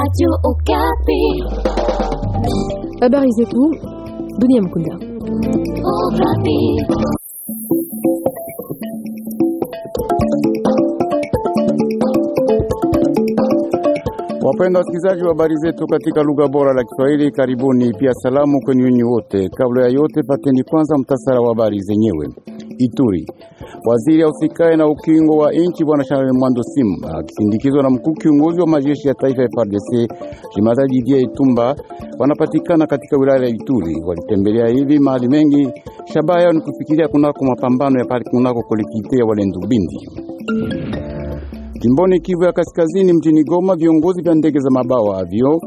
Radio Okapi. Habari zetu dunia mkunda. Okapi. Wapenda wasikilizaji wa habari zetu katika lugha bora la Kiswahili, karibuni. Pia salamu kwenu nyinyi wote. Kabla ya yote, pateni kwanza mtasara wa habari zenyewe. Ituri. Waziri ausikae na ukingo wa nchi bwana Charles Mwando Sim akisindikizwa na mkuu kiongozi wa majeshi ya taifa ya FARDC Jemadari Didier Itumba wanapatikana katika wilaya ya Ituri. Walitembelea hivi mahali mengi, shabaha yao ni kufikiria kunako mapambano ya kunako kolektivite ya Walendubindi. Jimboni Kivu ya Kaskazini, mjini Goma, viongozi vya ndege za mabawa avyo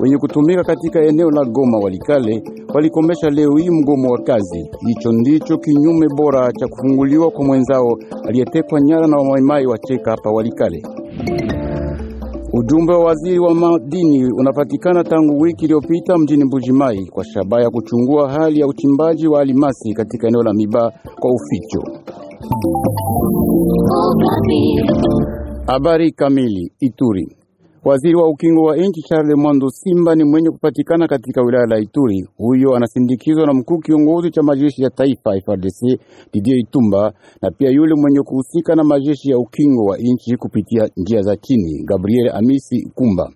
wenye kutumika katika eneo la Goma Walikale walikomesha leo hii mgomo wa kazi. Hicho ndicho kinyume bora cha kufunguliwa kwa mwenzao aliyetekwa nyara na wamaimai wacheka hapa Walikale. Ujumbe wa waziri wa madini unapatikana tangu wiki iliyopita mjini Mbujimai kwa shabaha ya kuchungua hali ya uchimbaji wa alimasi katika eneo la Miba kwa uficho. Oh, Habari kamili. Ituri, waziri wa ukingo wa nchi Charles Mwando Simba ni mwenye kupatikana katika wilaya la Ituri. Huyo anasindikizwa na mkuu kiongozi cha majeshi ya taifa FARDC Didier Itumba na pia yule mwenye kuhusika na majeshi ya ukingo wa nchi kupitia njia za chini Gabriel Amisi Kumba.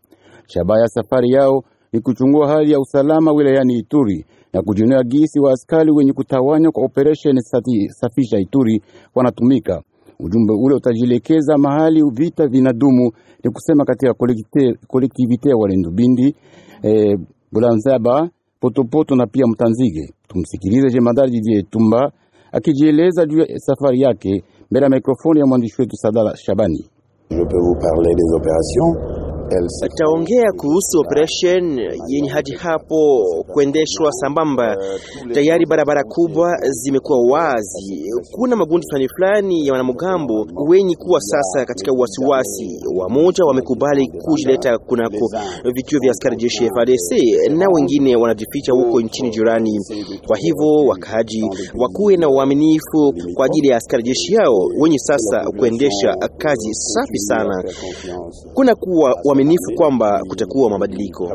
Shabaha ya safari yao ni kuchungua hali ya usalama wilayani Ituri na kujionea gisi wa askari wenye kutawanywa kwa operesheni safisha Ituri wanatumika Ujumbe ule utajielekeza mahali vita vinadumu, ni kusema katika kolektivite ya Walendu Bindi, e, Bulanzaba, Potopoto na pia Mtanzige. Tumsikilize jemadari Didier Tumba akijieleza juu ya safari yake mbele ya mikrofoni ya mwandishi wetu Sadala Shabani. Je peux vous parler des opérations Taongea kuhusu operation yenye hadi hapo kuendeshwa sambamba. Tayari barabara kubwa zimekuwa wazi. Kuna magundi fulani fulani ya wanamgambo wenye kuwa sasa katika wasiwasi. Wamoja wamekubali kujileta kunako vituo vya askari jeshi FARDC na wengine wanajificha huko nchini jirani. Kwa hivyo wakaaji wakuwe na uaminifu kwa ajili ya askari jeshi yao wenye sasa kuendesha kazi safi sana. Kuna kuwa uaminifu kwamba kutakuwa mabadiliko.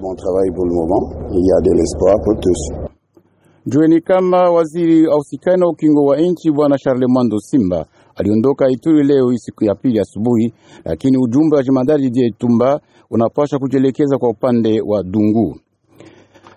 Jueni kama waziri ausikani na ukingo wa nchi bwana Charlemando Simba aliondoka Ituri leo siku ya pili asubuhi, lakini ujumbe wa jemadari Didier Itumba unapasha kujielekeza kwa upande wa Dungu.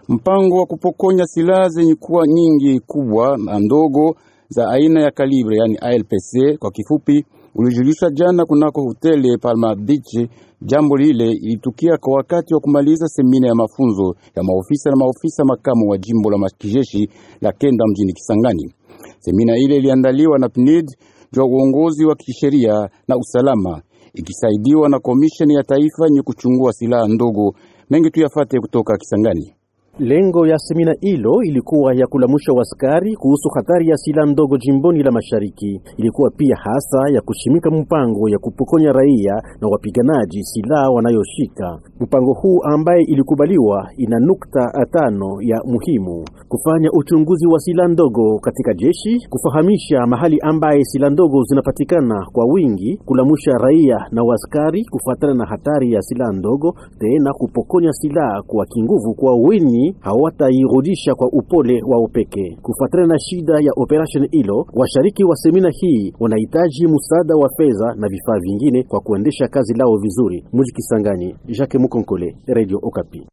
Mpango wa kupokonya silaha zenye kuwa nyingi kubwa na ndogo za aina ya kalibre, yani ALPC kwa kifupi ulijulishwa jana kunako hoteli Palma Beach. Jambo lile ilitukia kwa wakati wa kumaliza semina ya mafunzo ya maofisa na maofisa makamu wa jimbo la makijeshi la kenda mjini Kisangani. Semina ile iliandaliwa na PNID jwa uongozi wa kisheria na usalama ikisaidiwa na komisheni ya taifa yenye kuchungua silaha ndogo. Mengi tuyafate kutoka Kisangani. Lengo ya semina hilo ilikuwa ya kulamusha waskari kuhusu hatari ya silaha ndogo jimboni la mashariki. Ilikuwa pia hasa ya kushimika mpango ya kupokonya raia na wapiganaji silaha wanayoshika. Mpango huu ambaye ilikubaliwa ina nukta tano ya muhimu: kufanya uchunguzi wa silaha ndogo katika jeshi, kufahamisha mahali ambaye silaha ndogo zinapatikana kwa wingi, kulamusha raia na waskari kufuatana na hatari ya silaha ndogo, tena kupokonya silaha kwa kinguvu kwa wingi lakini hawatairudisha kwa upole wao pekee. Kufuatana na shida ya operation hilo, washiriki wa semina hii wanahitaji msaada wa fedha na vifaa vingine kwa kuendesha kazi lao vizuri. Muji Kisangani, Jacques Mukonkole, Radio Okapi.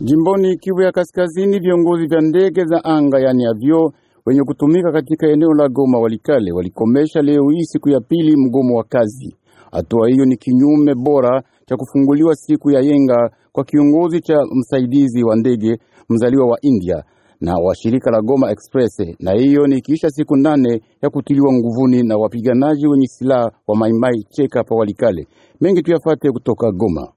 Jimboni Kivu ya Kaskazini, viongozi vya ndege za anga yani avyo wenye kutumika katika eneo la Goma Walikale walikomesha leo hii siku ya pili mgomo wa kazi. Hatua hiyo ni kinyume bora cha kufunguliwa siku ya yenga kwa kiongozi cha msaidizi wa ndege mzaliwa wa India na wa shirika la Goma Express, na hiyo ni kisha siku nane ya kutiliwa nguvuni na wapiganaji wenye silaha wa Maimai Cheka pa walikale Mengi tuyafate kutoka Goma.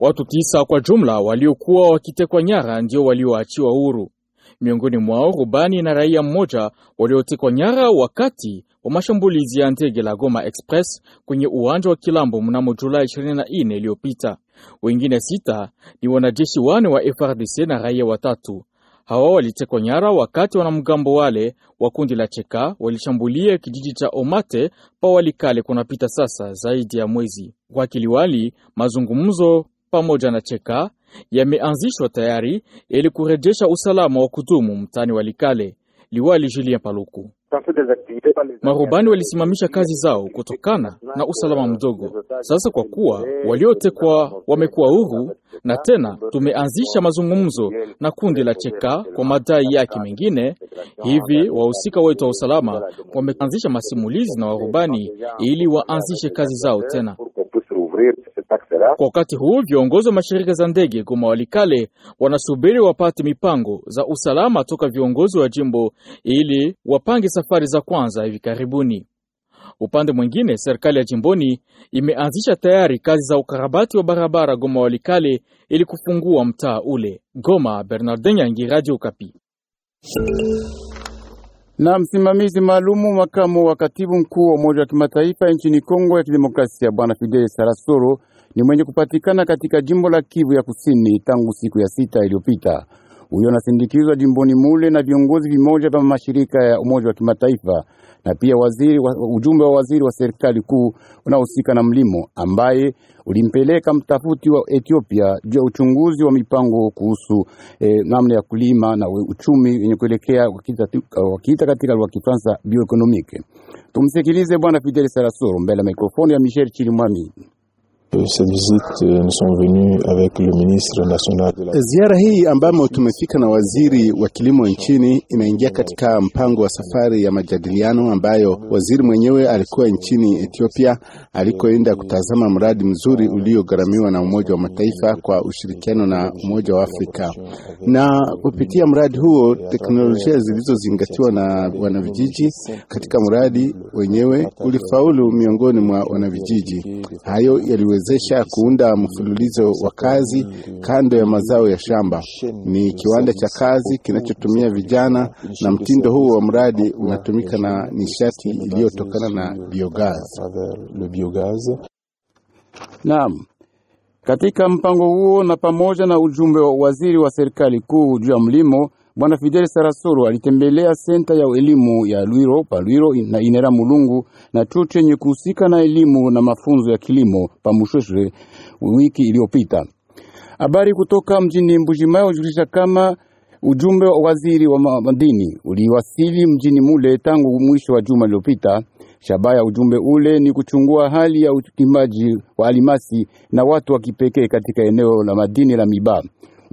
Watu tisa kwa jumla waliokuwa wakitekwa nyara ndio walioachiwa huru, miongoni mwao rubani na raia mmoja waliotekwa nyara wakati wa mashambulizi ya ndege la Goma Express kwenye uwanja wa Kilambo mnamo Julai 24 iliyopita. Wengine sita ni wanajeshi wane wa FRDC na raia watatu. Hawa walitekwa nyara wakati wanamgambo wale wa kundi la Cheka walishambulia kijiji cha Omate pa Walikale kunapita sasa zaidi ya mwezi. Kwa kiliwali, mazungumzo pamoja na Cheka yameanzishwa tayari ili kurejesha usalama wa kudumu mtaani Walikale. Liwali Julien Paluku Marubani walisimamisha kazi zao kutokana na usalama mdogo. Sasa kwa kuwa waliotekwa wamekuwa huru, na tena tumeanzisha mazungumzo na kundi la Cheka kwa madai yake mengine. Hivi wahusika wetu wa usalama wameanzisha masimulizi na warubani ili waanzishe kazi zao tena. Kwa wakati huu viongozi wa mashirika za ndege walikale wanasubiri wapate mipango za usalama toka viongozi wa jimbo ili wapange safari za kwanza hivi karibuni. Upande mwingine, serikali ya jimboni imeanzisha tayari kazi za ukarabati wa barabara Goma Walikale ili kufungua mtaa ule. Goma, Bernardin Nyangi, Radio Okapi. Na msimamizi maalumu makamu wa katibu mkuu wa Umoja wa Kimataifa nchini Kongo ya Kidemokrasia Bwana Fidel Sarasoro ni mwenye kupatikana katika jimbo la Kivu ya Kusini tangu siku ya sita iliyopita. Huyo anasindikizwa jimboni mule na viongozi vimoja vya mashirika ya Umoja wa Kimataifa na pia waziri wa, ujumbe wa waziri wa serikali kuu unaohusika na mlimo ambaye ulimpeleka mtafuti wa Ethiopia juu ya uchunguzi wa mipango kuhusu eh, namna ya kulima na uchumi yenye kuelekea wakiita katika lugha ya Kifaransa bioeconomique. Tumsikilize Bwana Fidel Sarasoro mbele ya mikrofoni ya Michel Chilimwami. Cette visite, euh, nous sommes venus avec le ministre national de la... Eh, ziara hii ambamo tumefika na waziri wa kilimo nchini inaingia katika mpango wa safari ya majadiliano ambayo waziri mwenyewe alikuwa nchini Ethiopia alikoenda kutazama mradi mzuri uliogharamiwa na Umoja wa Mataifa kwa ushirikiano na Umoja wa Afrika. Na kupitia mradi huo, teknolojia zilizozingatiwa na wanavijiji katika mradi wenyewe ulifaulu miongoni mwa wanavijiji. Hayo yaliwe kuwezesha kuunda mfululizo wa kazi kando ya mazao ya shamba. Ni kiwanda cha kazi kinachotumia vijana, na mtindo huu wa mradi unatumika na nishati iliyotokana na biogas. Naam. Katika mpango huo na pamoja na ujumbe wa waziri wa serikali kuu juu ya mlimo Bwana Fidel Sarasoro alitembelea senta ya elimu ya Lwiro Palwiro na Inera Mulungu na chuo chenye kuhusika na elimu na mafunzo ya kilimo Pamushweshwe wiki iliyopita. Habari kutoka mjini Mbujimayi ujulisha kama ujumbe wa waziri wa madini uliwasili mjini mule tangu mwisho wa juma lililopita. Shabaha ya ujumbe ule ni kuchungua hali ya uchimbaji wa alimasi na watu wa kipekee katika eneo la madini la Miba.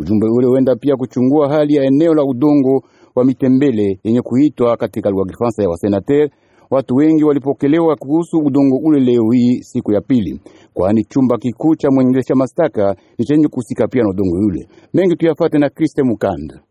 Ujumbe ule huenda pia kuchungua hali ya eneo la udongo wa mitembele yenye kuitwa katika lugha ya Kifaransa ya wasenater. Watu wengi walipokelewa kuhusu udongo ule leo hii siku ya pili, kwani chumba kikuu cha mwendesha mashtaka ni chenye kuhusika pia na udongo ule. Mengi tuyafate na Kriste Mukanda.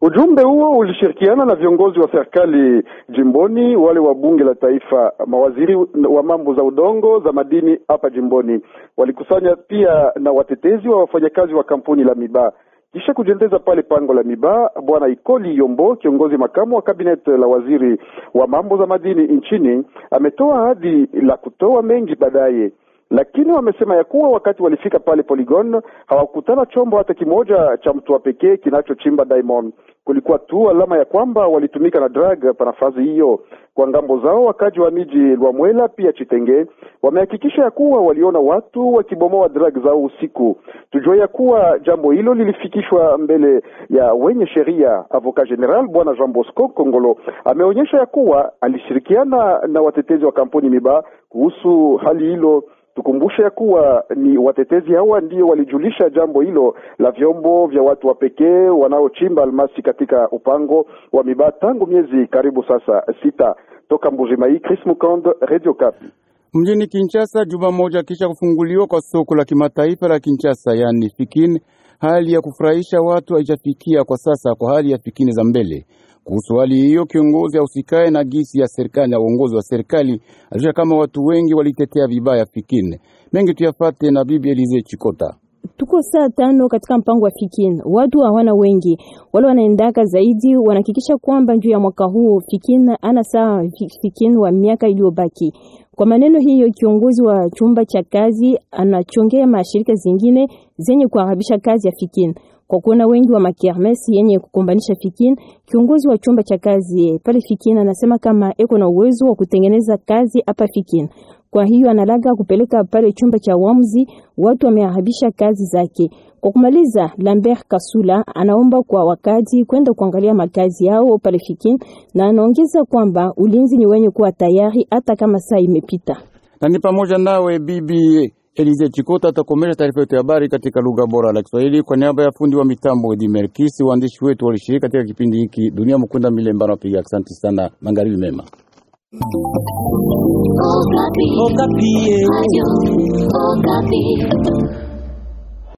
Ujumbe huo ulishirikiana na viongozi wa serikali jimboni, wale wa bunge la taifa, mawaziri wa mambo za udongo za madini hapa jimboni. Walikusanya pia na watetezi wa wafanyakazi wa kampuni la Miba. Kisha kujendeza pale pango la Miba, bwana Ikoli Yombo, kiongozi makamu wa kabineti la waziri wa mambo za madini nchini, ametoa ahadi la kutoa mengi baadaye lakini wamesema ya kuwa wakati walifika pale poligon hawakutana chombo hata kimoja cha mtu wa pekee kinachochimba diamond. Kulikuwa tu alama ya kwamba walitumika na drag pa nafasi hiyo. Kwa ngambo zao, wakaji wa miji Lwamwela pia Chitenge wamehakikisha ya kuwa waliona watu wakibomoa wa zao usiku. Tujue ya kuwa jambo hilo lilifikishwa mbele ya wenye sheria. avoka General Bwana Jean Bosco Kongolo ameonyesha ya kuwa alishirikiana na watetezi wa kampuni Miba kuhusu hali hilo. Tukumbushe ya kuwa ni watetezi hawa ndio walijulisha jambo hilo la vyombo vya watu wa pekee wanaochimba almasi katika upango wa Miba tangu miezi karibu sasa sita. Toka Mbujimai, Chris Mukand, Radio Kapi. Mjini Kinshasa, juma moja kisha kufunguliwa kwa soko la kimataifa la Kinshasa, yani Fikini, hali ya kufurahisha watu haijafikia kwa sasa kwa hali ya Fikini za mbele kuhusu hali hiyo, kiongozi ausikae na gisi ya serikali na uongozi wa serikali alisha kama watu wengi walitetea vibaya fikine mengi. Tuyafate na bibi Elize Chikota. Tuko saa tano katika mpango wa Fikin. Watu hawana wengi, wale wanaendaka zaidi wanahakikisha kwamba juu ya mwaka huu Fikin ana saa Fikin wa miaka iliyobaki. Kwa maneno hiyo, kiongozi wa chumba cha kazi anachongea mashirika zingine zenye kuharibisha kazi ya Fikin. Kwa kuona wengi wa makermesi yenye kukumbanisha Fikin, kiongozi wa chumba cha kazi pale Fikin anasema kama eko na uwezo wa kutengeneza kazi hapa Fikin. Kwa hiyo analaga kupeleka pale chumba cha uamuzi watu wameahabisha kazi zake. Kwa kumaliza, Lambert Kasula anaomba kwa wakati kwenda kuangalia makazi yao pale Fikin na anaongeza kwamba ulinzi ni wenye kuwa tayari hata kama saa imepita. Na ni pamoja nawe bibi Elize Chikota atakomesha taarifa yetu ya habari katika lugha bora la Kiswahili kwa niaba ya fundi wa mitambo Edi Merkisi, waandishi wetu walishiriki katika kipindi hiki. Dunia Mkunda Milembano apiga asante sana, magharibi mema. Okapi. Oh, Okapi. Oh, Okapi.